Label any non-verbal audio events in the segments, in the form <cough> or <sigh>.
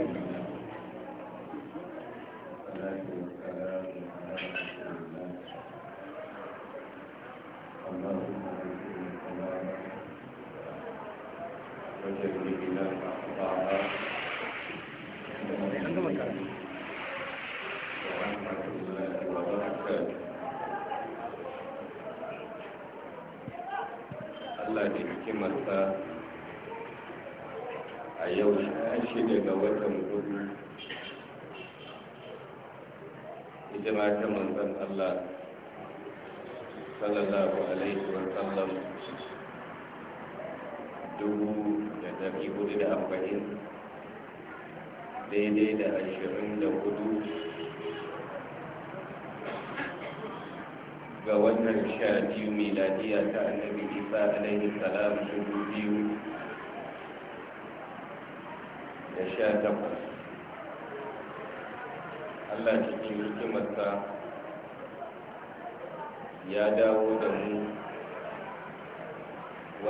Amen. biyu miladiya ta annabi isa alaihi salam dubu biyu da sha takwas allah cikin hikimarsa ya dawo da mu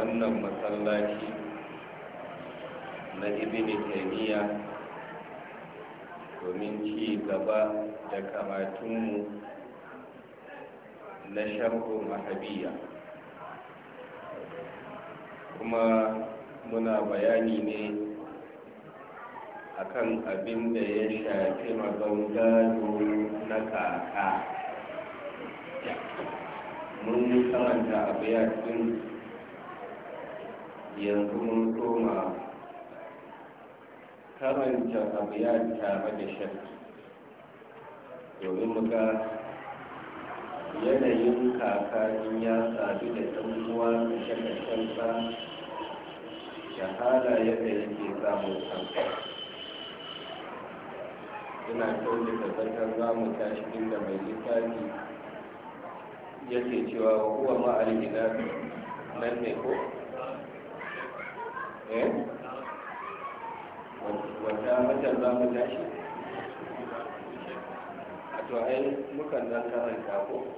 wannan masallaci na ibn taymiya domin ci gaba da kamatunmu لشرط محبية kuma muna bayani ne akan abin da ya shafi mazaunano na kaka mun karanta abu ya cikin yanzu mun koma karanta abu ya tare da shakki domin muka yanayin kakanin ya sadu da tsanuwa da shakashensa da halaye yadda yake samun kansa ina kyauta da zartar zamu tashi inda mai littafi yake cewa kuwa ma'al gida nan ne ko eh wata matar zamu tashi to ai mukan dan karanta ko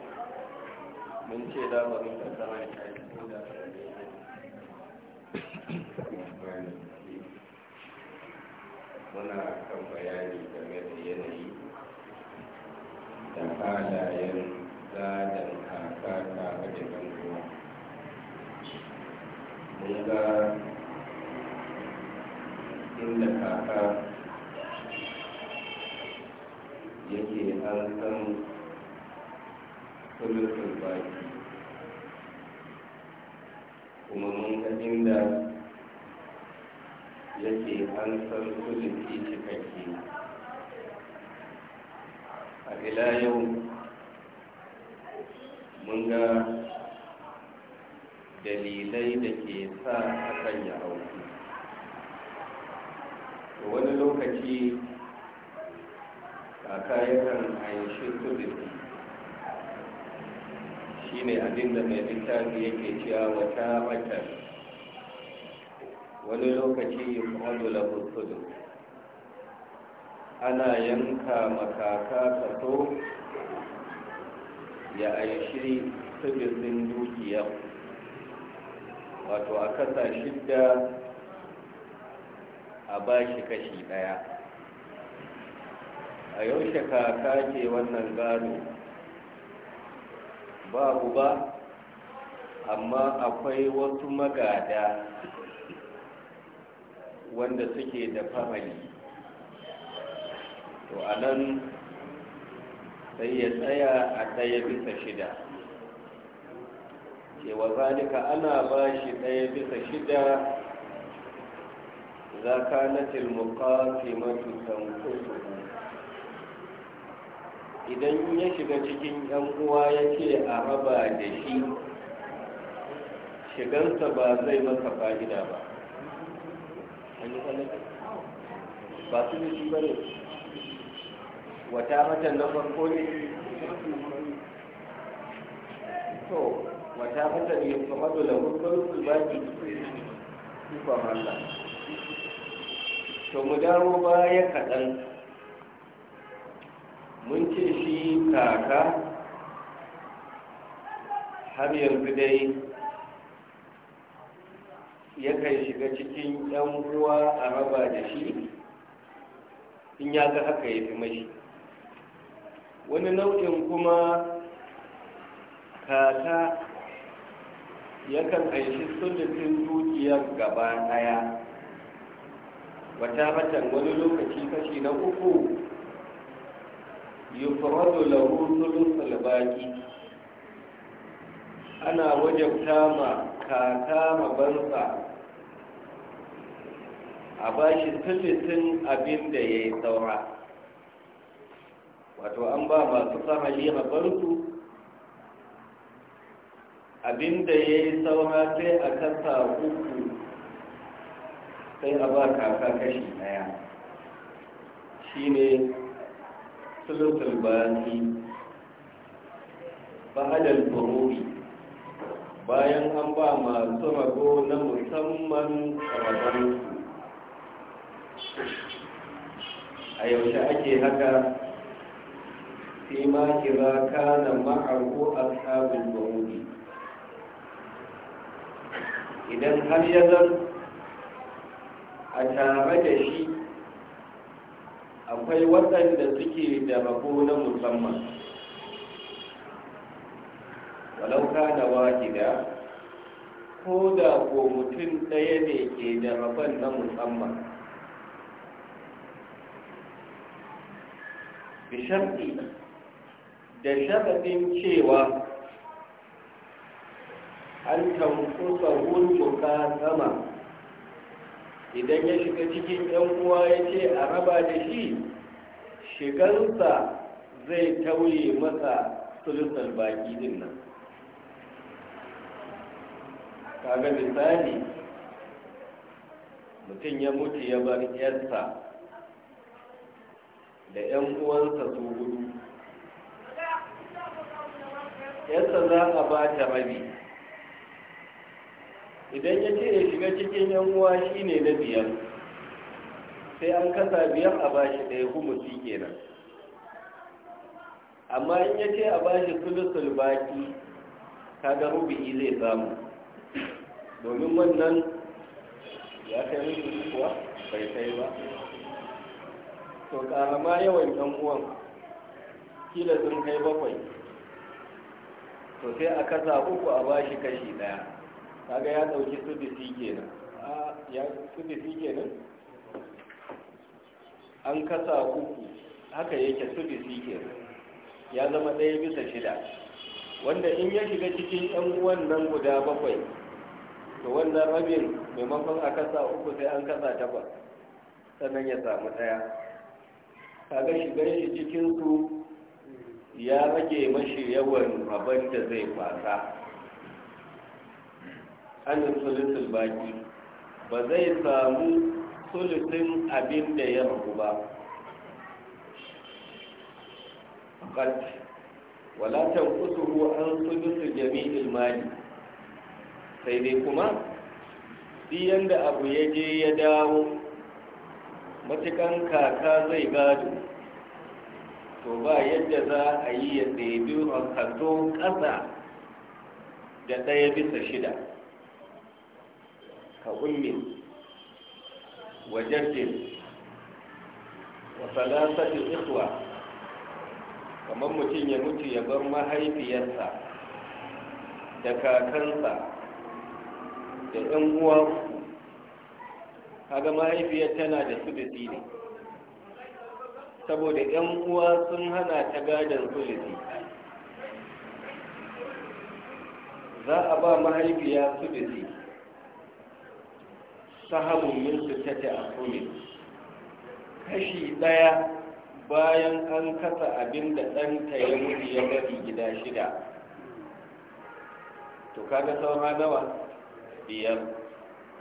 mun ce da ba mun karanta ko da muna kan bayani game da yanayi da halayen zaɗin kaka tare da ganguwa mun ga inda kaka san sulusun baki kuma mun ga inda yake an san sulusi cikakke a ila yau mun ga dalilai da ke sa akan ya auku wani lokaci kaka kan aishi tudu shi ne abinda mai littafi yake cewa wata matar wani lokaci yi kwallo tudu ana yanka makaka kaso ya aishi sun dukiya wato a kasa shidda a bashi kashi ɗaya. a yaushe kaka ce wannan gado babu ba amma akwai wasu magada wanda suke da famali to anan sai ya tsaya a ɗaya bisa shida cewa zalika ana ba shi ɗaya bisa shida za ka natil muƙafi matutan kusurku idan ya shiga cikin yan uwa ya ce a raba da shi shigarsa ba zai masa fa'ida ba ba su da shi bane wata matan na farko ne to wata matan ne kuma dole hukun sulbaki ikon Allah to mu dawo baya kaɗan mun ce shi kaka har yanzu dai yakan shiga cikin yan ruwa a raba da shi in ya ga haka ya fi mashi wani nau'in kuma kaka yakan aishi sulutun dukiyar gaba daya wata watan wani lokaci kashi na uku yufradu lahu thuluthul baqi ana wajabta ma kaka mabansa a bashi tulutin abin da yayi saura wato an ba masu a mabansu abin da yayi saura sai a kasa uku sai a ba kaka kashi daya shine ثلث الباقي بعد الفروض bayan an ba masu rago na musamman rabon a yaushe ake haka sai ma kira kana ma'arko a tsabin ba'udi idan har ya a tare da shi akwai waɗanda suke da rabo na musamman walauka kana wahida ko da ko mutum ɗaya ne ke da rabon na musamman bishanti da sharaɗin cewa an wurin wurmuka sama idan ya shiga cikin yan uwa ya ce a raba da shi shigansa zai tauye masa sulusul baki din nan kaga misali mutum ya mutu ya bar yarsa da yan uwansa su hudu yarsa za a ba ta rabi idan ya ce ya shiga cikin yan uwa shi ne na biyar sai an kasa biyar a bashi ɗaya humusi kenan amma in ya ce a bashi sulusul baki kaga rubi zai samu domin wannan ya kai mutu kuwa bai kai ba to ƙarama yawan 'yan uwan kila sun kai bakwai to sai a kasa uku a bashi kashi ɗaya kaga ya dauki sudisi kenan ah, ya sudisi kenan an kasa uku haka yake sudisi kenan ya zama ɗaya bisa shida wanda in ya shiga cikin ɗan uwan nan guda bakwai to wannan rabin maimakon a kasa uku sai an kasa takwas sannan ya samu ɗaya kaga shigar shi cikin su ya rage mashi yawan abin da zai kwasa an sulutul baki ba zai samu sulutun abin da ya ragu ba fakat wala tanqusuhu an sulusu jami'il mali sai dai kuma diyan da abu ya je ya dawo matukan kaka zai gado to ba yadda za a yi ya a kaso ƙasa da ɗaya bisa shida Ka wa كأم wa وثلاثة إخوة kamar mutum ya mutu ya bar mahaifiyarsa da kakansa da ɗan uwa kaga mahaifiyar tana da su da ne saboda ‘yan uwa sun hana ta gadon sulusi za a ba mahaifiya sulusi sahamun min sittati afumi kashi daya bayan an kasa abin da ɗanta ya mutu ya gadi gida shida to kaga saura nawa biyar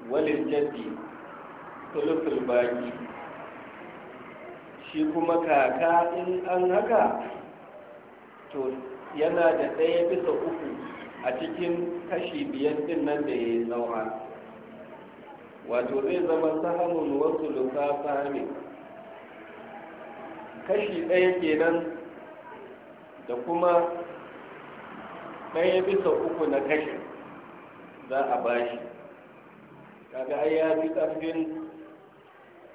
walil jaddi tulufin baki shi kuma kaka in an haka to yana da ɗaya bisa uku a cikin kashi biyar din nan da ya yi saura wato zai zama sahamun wasu lufa ne kashi ɗaya kenan da kuma ɗaya bisa uku na kashi za a bashi kaga ai ya fi ƙarfin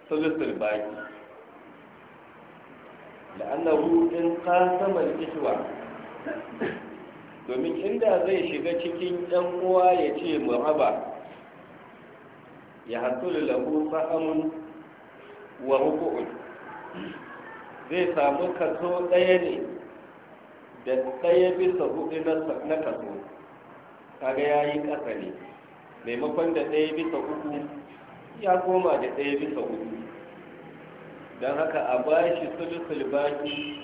sulusul baki la'annahu in qasamal kishwa domin inda zai shiga cikin ɗan uwa ya ce mu raba ya hasulu lahu fahamun wa ruku'un zai samu kaso ɗaya ne da ɗaya bisa hudu na kaso kaga ya yi ƙasa ne maimakon da ɗaya bisa hudu ya koma da ɗaya bisa hudu don haka a bashi sulusul baki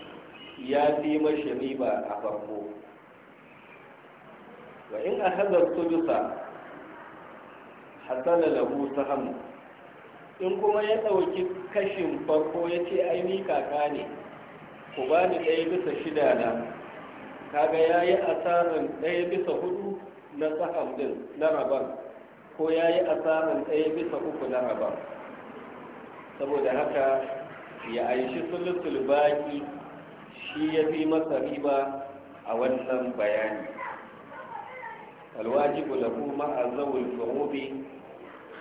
ya fi mashi riba a farko wa in a hazar sulusa da lahu hannu in kuma ya ɗauki kashin farko ya ce ai ni kaka ne ku ba ni ɗaya bisa shida na kaga ya yi asarar ɗaya bisa hudu na saham din na rabar ko ya yi asarar ɗaya bisa uku na rabar saboda haka ya aishi sulusul baki shi ya fi masa riba a wannan bayani alwajibu lahu ma'a zawul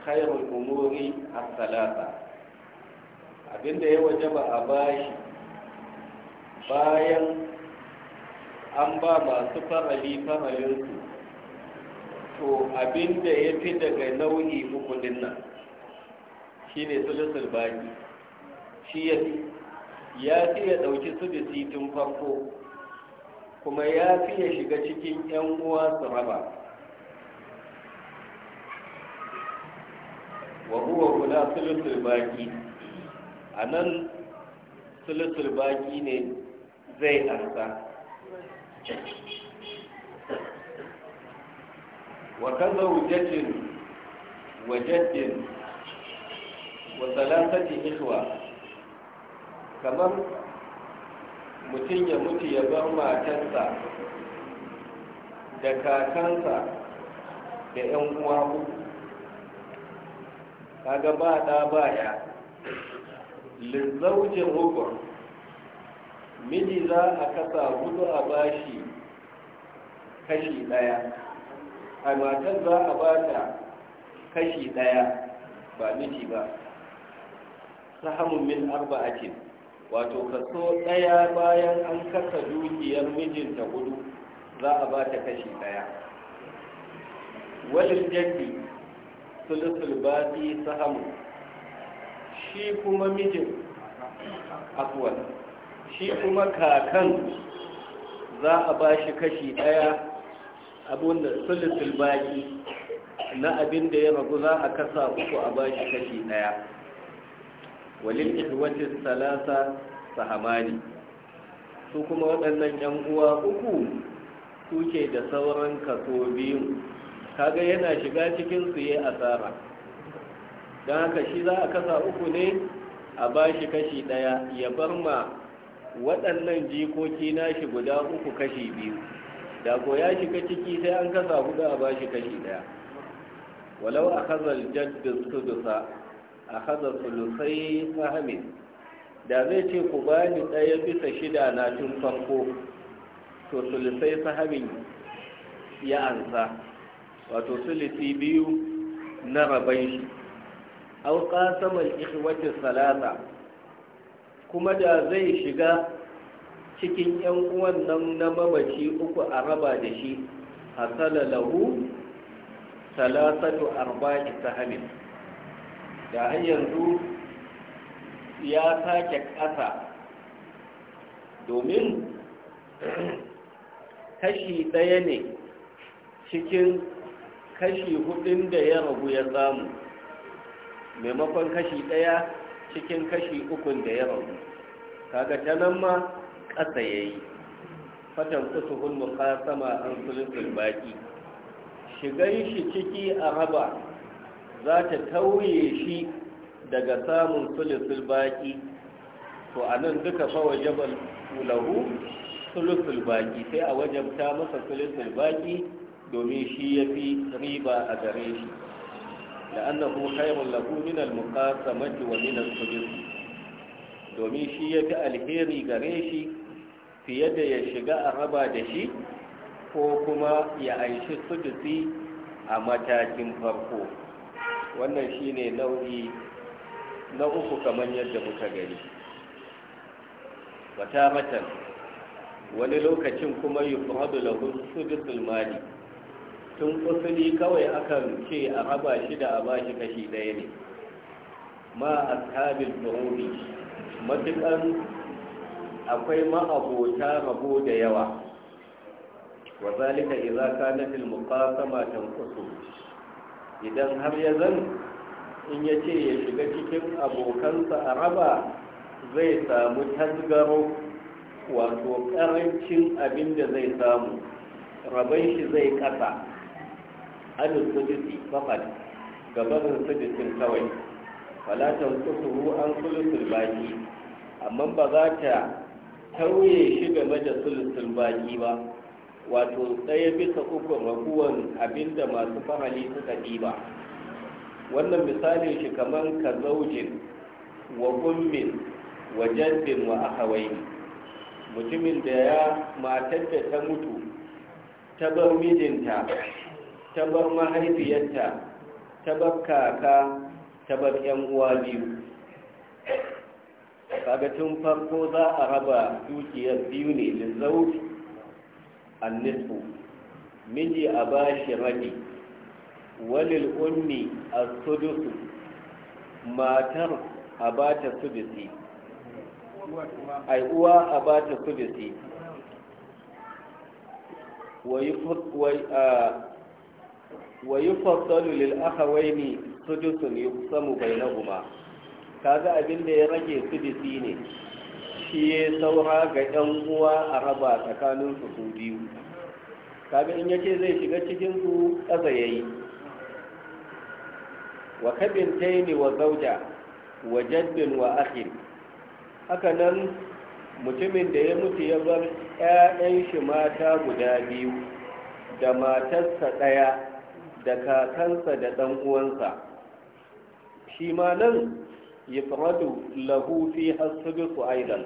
khairul umuri as-salasa abinda ya wajaba a bashi bayan an ba masu farali faralinsu to abinda ya fi daga nau'i uku nan shine sulusul baki shi ya fi ya fi ya ɗauki da sitin farko kuma ya fi ya shiga cikin 'yan uwa su raba wa huwa guda sulusul baki a nan baki ne zai arsa wa kaza wujajin wajajin wa salasati ikhwa kamar mutum ya mutu ya bar matarsa da kakansa da 'yan uwa uku kaga ba ɗa baya, lizaujin hukun miji za a kasa hudu a bashi kashi ɗaya a matan za a ba ta kashi ɗaya ba miji ba sahamun min arba'atin wato kaso ɗaya bayan an kasa dukiyar mijinta hudu za a ba ta kashi ɗaya wajen jaddi sulusul baɗi sahamu shi kuma mijin afuwan shi kuma kakan za a ba shi kashi ɗaya abin da sulusul baɗi na abin da ya ragu za a kasa uku a ba shi kashi ɗaya walil ihwatis salasa sahamani su kuma waɗannan 'yan uwa uku suke da sauran kaso biyu kaga yana shiga cikin su yayi asara don haka shi za a kasa uku ne a bashi kashi daya ya bar ma waɗannan jikoki nashi guda uku kashi biyu da ko ya shiga ciki sai an kasa hudu a bashi kashi daya walau a hazar jaddin sudusa a hazar sulusai ahmed da zai ce ku bani ɗaya bisa shida na tun farko to sulusai sahamin ya ansa wato sulisi biyu na rabai shi au qasamal ikhwati salasa kuma da zai shiga cikin yan uwan nan na mamaci uku a raba da shi hasala lahu salasatu arba'i sahamin da har yanzu ya sake ƙasa domin <clears throat> kashi ɗaya ne cikin kashi hudun da ya ragu ya samu maimakon kashi daya cikin kashi ukun da ya ragu kaga ta nan ma ƙasa ya yi fatan kusuhun mukasama an sulusul baki Shigar shi ciki a haba za ta tauye shi daga samun sulusul baki to anan nan duka fawa jabal lahu sulusul baki sai a wajabta masa sulusul baki domin shi ya fi riba a gare shi la'annahu khairun lahu min al-muqasamati wa min al-sujud domin shi ya fi alheri gare shi fiye da ya shiga a raba da shi ko kuma ya aishi sudusi a matakin farko wannan shine nau'i na uku kamar yadda muka gani wata matan wani lokacin kuma yi fuhadu lahun mali tun kusuri kawai akan ce a raba shi da a ba shi kashi daya ne ma a ashabil buhuri matukan akwai ma'abota rabo da yawa wa zalika idza kana fil muqasama tanqusu idan har ya zan in ce ya shiga cikin abokansa a raba zai samu tasgaro wato karancin abin da zai samu rabai shi zai kasa an sudusi faqat gaban sudusin kawai fala tanqusuhu an sulusul baki amma ba za ta tauye shi game da sulusul baki ba wato ɗaya bisa uku raguwan abinda masu fahali suka ba. wannan misalin shi kamar ka zaujin wa ummin wa jaddin wa ahawaini mutumin da ya matar da ta mutu ta bar mijinta ta bar mahaifiyarta ta bar kaka ta bar yan uwa biyu kaga tun farko za a raba dukiyar biyu ne lizauj annisu miji a bashi rabi walil ummi a sudusu matar a ba ta sudusi ai uwa a ta sudusi wa yufassalu lil bai sudusun yuqsamu Ka kaga abin da ya rage sudusi ne shi ya saura ga 'yan uwa a raba tsakanin su biyu kaga in yace zai shiga cikin su ƙasa yayi wa kabintaini wa zauja wa jaddin wa akhin haka nan mutumin da ya mutu ya bar 'ya'yan shi mata guda biyu da matarsa ɗaya da kakansa da ɗan uwansa shi ma nan yifradu lahu fi su aidan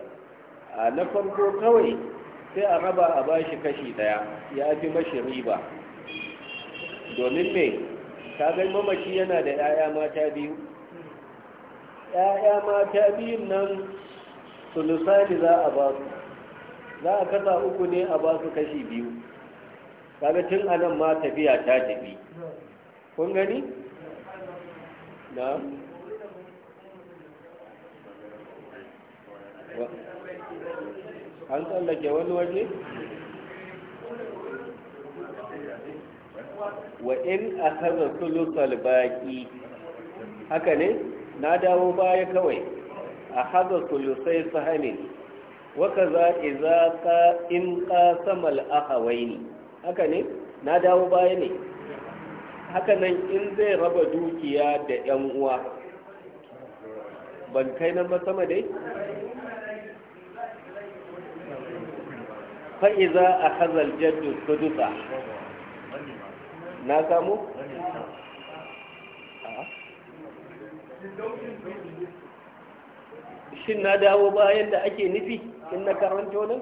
a na farko kawai sai a raba a bashi kashi daya ya fi mashi riba domin mai ka gai mamaci yana da 'ya'ya mata biyu 'ya'ya mata biyun nan sulusani za a ba su za a kasa uku ne a ba su kashi biyu kaga tun anan ma tafiya ta tafi kun gani na an tsallake wani waje wa in a kaza sulusal baki haka ne na dawo baya kawai a haza sulusai sahamin waka za iza in ƙasamal ahawaini haka ne na dawo baya ne haka nan in zai raba dukiya da 'yan uwa ban kai nan ba sama dai fa'iza a hazal jaddu sudusa na samu? shin na dawo bayan da ake nufi in na karanto nan?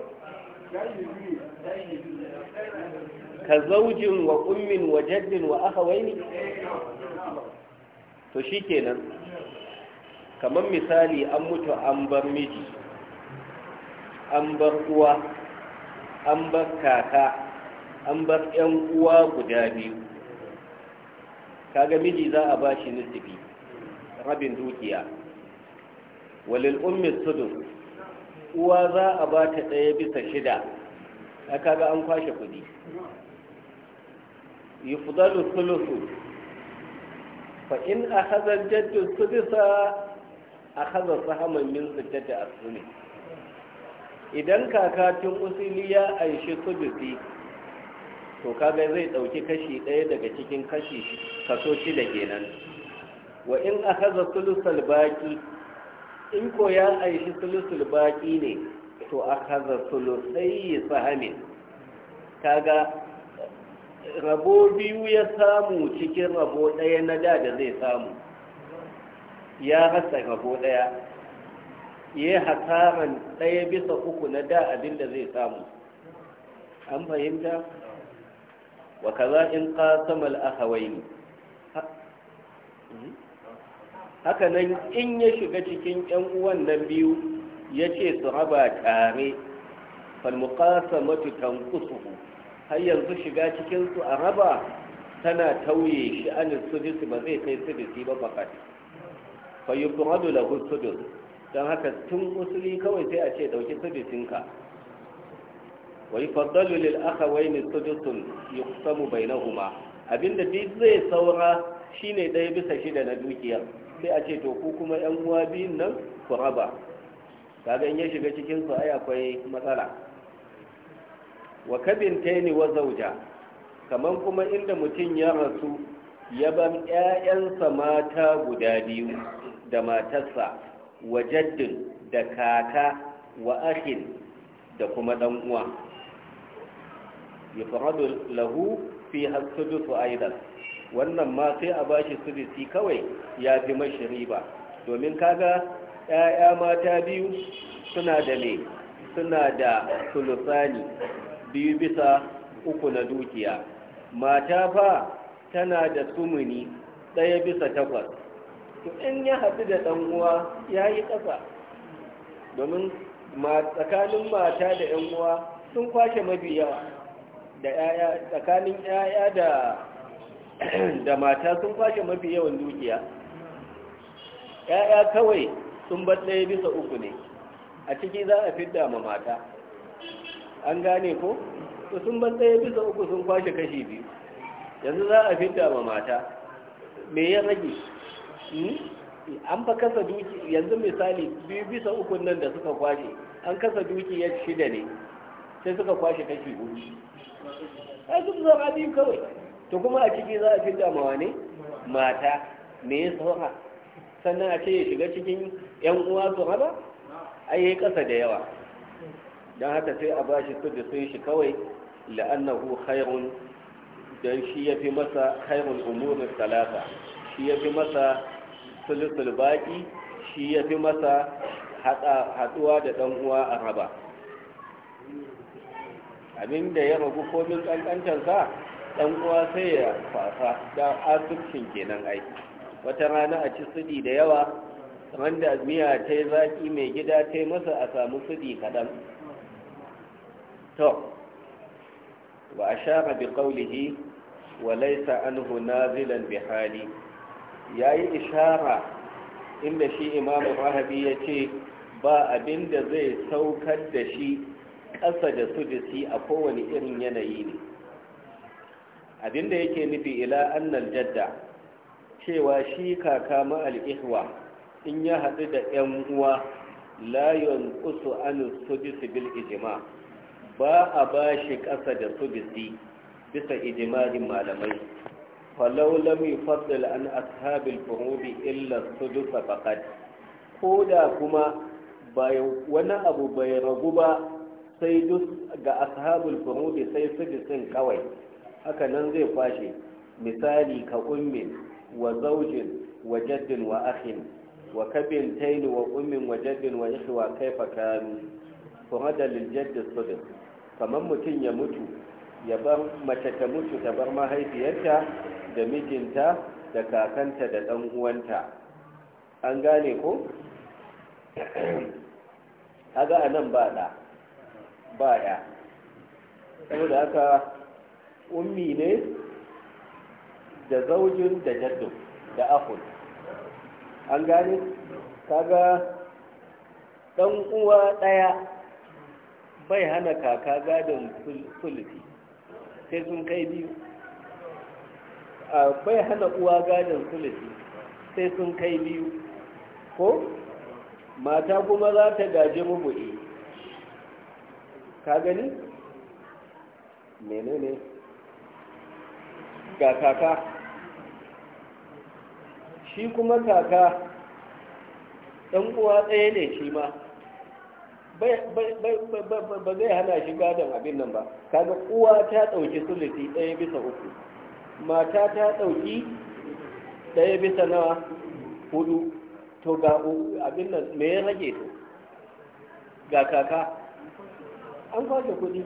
ka zaujin wa ummin wa jaddin wa ahawaini to shi kenan, kamar misali an mutu an bar miji an bar uwa an bar kaka an bar yan uwa guda biyu kaga miji za a bashi nusufi rabin dukiya walil ummi sudu uwa za a ba ta ɗaya bisa shida a kaga an kwashe kudi yi fudalu sulusu fa in a hazar su bisa a hazar sahaman min sujjata a sune idan kakatin usili ya aishi bisi to kaga zai ɗauki kashi ɗaya daga cikin kashi kaso shida kenan wa in a hazar sulusal baki in ko ya aishi sulusul baƙi ne to a kaza sulusai sahamin kaga rabo biyu ya samu cikin rabo ɗaya na da da zai samu ya rasa rabo ɗaya ya hasaran ɗaya bisa uku na da abin da zai samu an fahimta wa kaza in a akhawaini Hakanan in ya shiga cikin ‘yan uwan nan biyu ya ce su raba tare falmukasa matukan kusuhu har yanzu shiga cikinsu a raba tana tauye shi anin sudisi ba zai kai sudisi ba fakat fayi kuradu lahu sudus don haka tun usuli kawai sai a ce ɗauki sudisinka wai faddalu lil akhawaini bai yuqsamu bainahuma abinda bi zai saura shine ɗaya bisa shida na dukiyar sai a ce to ku kuma yan uwa biyun nan ku raba kaga in ya shiga cikin su ai akwai matsala wa kabin taini wa zauja kaman kuma inda mutum ya rasu ya bar ƴaƴansa mata guda biyu da matarsa wa jaddin da kaka wa akhin da kuma dan uwa lahu fi hasudu aidan wannan ma sai a ba shi sirisi kawai ya fi mashi riba domin kaga 'ya'ya mata biyu suna da ne suna da sulusani biyu bisa uku na dukiya mata fa tana da sumuni ɗaya bisa takwas to in ya haɗu da ɗan uwa ya yi ƙasa domin tsakanin mata da 'yan uwa sun kwashe mafi yawa da tsakanin 'ya'ya da da mata sun kwashe mafi yawan dukiya ‘ya'ya kawai sun bar ɗaya bisa uku ne a ciki za a fidda ma mata an gane ko to sun bar ɗaya bisa uku sun kwashe kashi biyu yanzu za a fidda ma mata me ya rage hmm? an fa kasa duki yanzu misali biyu bisa uku nan da suka kwashe an kasa duki ya shida ne sai suka kwashe kashi hudu ai sun zama biyu kawai to kuma a ciki za a fi damawa ne mata me ya sauka sannan a ce ya shiga cikin yan uwa su haba a yi ƙasa da yawa don haka sai a ba shi sun shi kawai la'annahu khairun don shi ya fi masa khairun umurin talata shi ya fi masa sulusul baƙi shi ya fi masa haɗuwa da ɗan uwa a raba abinda ya ragu komin ƙanƙantarsa dan uwa sai ya fafa da asubcin kenan ai wata rana a ci sudi da yawa kamar da miya ta yi zaƙi mai gida ta yi masa a samu sudi kaɗan to ba a bi ƙaulihi wa laisa anhu nazilan bi hali ya yi ishara inda shi imamu rahabi ya ce ba abin da zai saukar da shi ƙasa da sudisi a kowane irin yanayi ne abinda yake nufi ila annal jadda cewa shi kaka ma'al ihwa in ya haɗu da 'yan uwa layon kusu an sujisi bil ijima ba a ba shi ƙasa da sudisi bisa ijimarin malamai falau lam yufaddal an ashabil furubi illa sudusa faqat ko da kuma wani abu bai ragu ba sai duk ga ashabul furubi sai sudisin kawai haka nan zai kwashe misali ka ummin wa zaujin wa jaddin wa akhin wa kabin taini wa ummin wa jaddin wa yaki wa kaifa kanu to hada lil jaddi sudin kamar mutum ya mutu ya bar mace ta mutu ta bar mahaifiyarta da mijinta da kakanta da dan uwanta an gane ko haga anan ba da ba ya saboda haka ummi ne da zaujin da jaddu da akul an gane kaga dan uwa daya bai hana kaka gadon sulufi sai sun kai biyu bai hana uwa gadon sulfi sai sun kai biyu ko mata kuma za ta gaji mubu'i ka gani menene ga kaka shi kuma kaka ɗan uwa ɗaya ne shi ma ba zai hana shi gadon abin nan ba kaga uwa ta ɗauki sulisi ɗaya bisa uku mata ta ɗauki ɗaya bisa na hudu to ga abin nan me ya rage to ga kaka an kwace kuɗi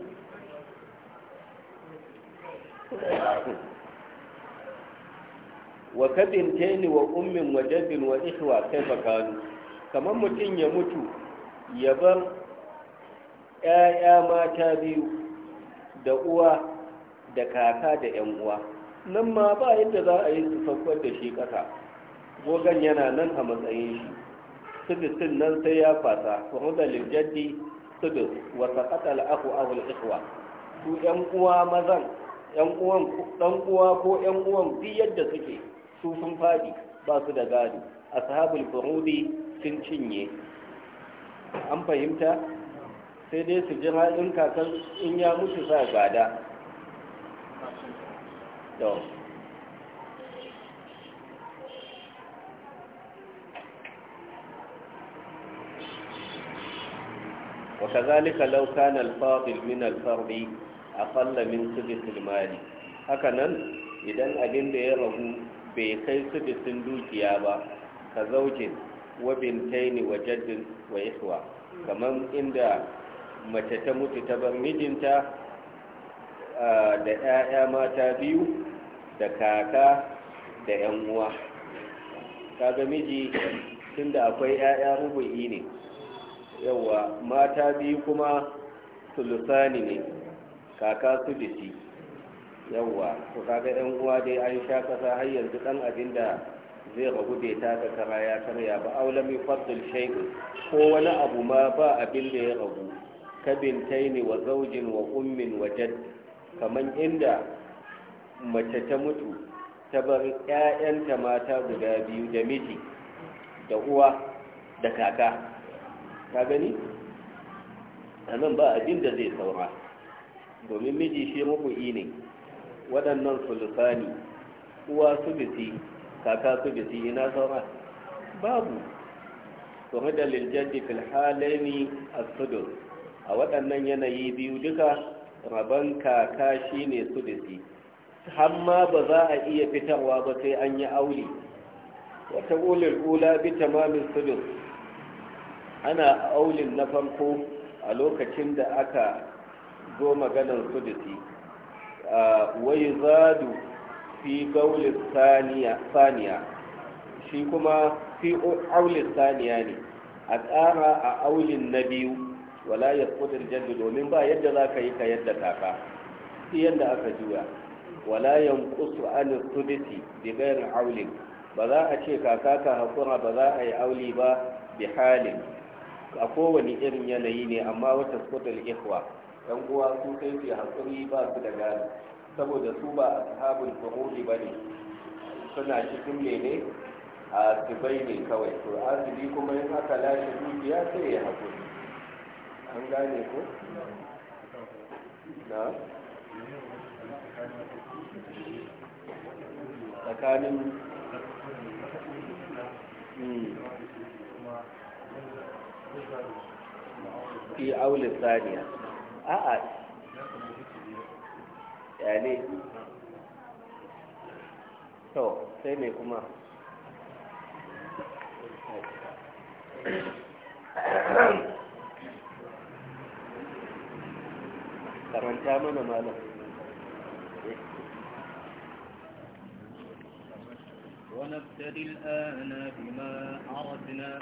wa ni wa ummin wa jaddin wa ihwa kaifa kanu kamar mutum ya mutu ya bar ‘ya'ya mata biyu da uwa da kaka da ‘yan uwa nan ma ba yadda za a yi su da shi ƙasa gogan yana nan a matsayin shi sudusin nan sai ya fasa wahudalin jaddi sudus wata ƙasar aku ahul ikhwa su ‘yan uwa mazan uwan ko ‘yan uwan duk yadda suke su sun faɗi ba su da gado ashabul furudi sun cinye an fahimta sai dai su jira in kakar in ya mutu za gada وكذلك لو كان الفاضل من الفرد أقل من سبس المال هكذا إذن أدن يرغو bai kai sun dukiya ba ka zaujin wa bintaini wa jaddin wa iswa kamar inda mace ta mutu ta bar mijinta da 'ya'ya mata biyu da kaka da 'yan uwa kaga miji tunda akwai 'ya'ya rubu'i ne yawa mata biyu kuma sulusani ne kaka su da shi yawwa to kaga yan uwa dai an sha kasa har yanzu dan abin da zai rabu bai taka kara ya karya ba aulam fadl shay'un ko wani abu ma ba abin da ya ragu kabintaini wa zaujin wa ummin wa jadd kaman inda mace ta mutu ta bar ƴaƴanta mata guda biyu da miji da uwa da kaka ka gani a nan ba abin da zai saura domin miji shi mabu'i ne waɗannan sulusani uwa subisi kaka subisi ina saura babu kuma da liljaddi fil halaini as a waɗannan yanayi biyu duka rabon kaka shine sudisi hamma ba za a iya fitarwa ba sai an yi aure wata ulul ula bi tamamin sudus ana aulin na farko a lokacin da aka zo maganar sudisi wai zadu fi gaulin saniya shi kuma fi aulin saniya ne a tsara a aulin na biyu wala ya kudin jaddu domin ba yadda za ka yi ka yadda kaka shi yadda aka juya wala kusu an sudisi bi gairin aulin ba za a ce kaka ka hakura ba za a yi auli ba bi halin a kowane irin yanayi ne amma wata skutul ihwa yan uwa su kai ba su da gani saboda su ba a sahabin tsohoni ba ne suna cikin mene a tibai ne kawai to asibi kuma yin haka lashe dukiya sai ya haƙuri an gane ko? na? tsakanin hmm. fi aulin a'a yale to sai mai kuma karanta mana malam ونبتدي الآن بما عرفنا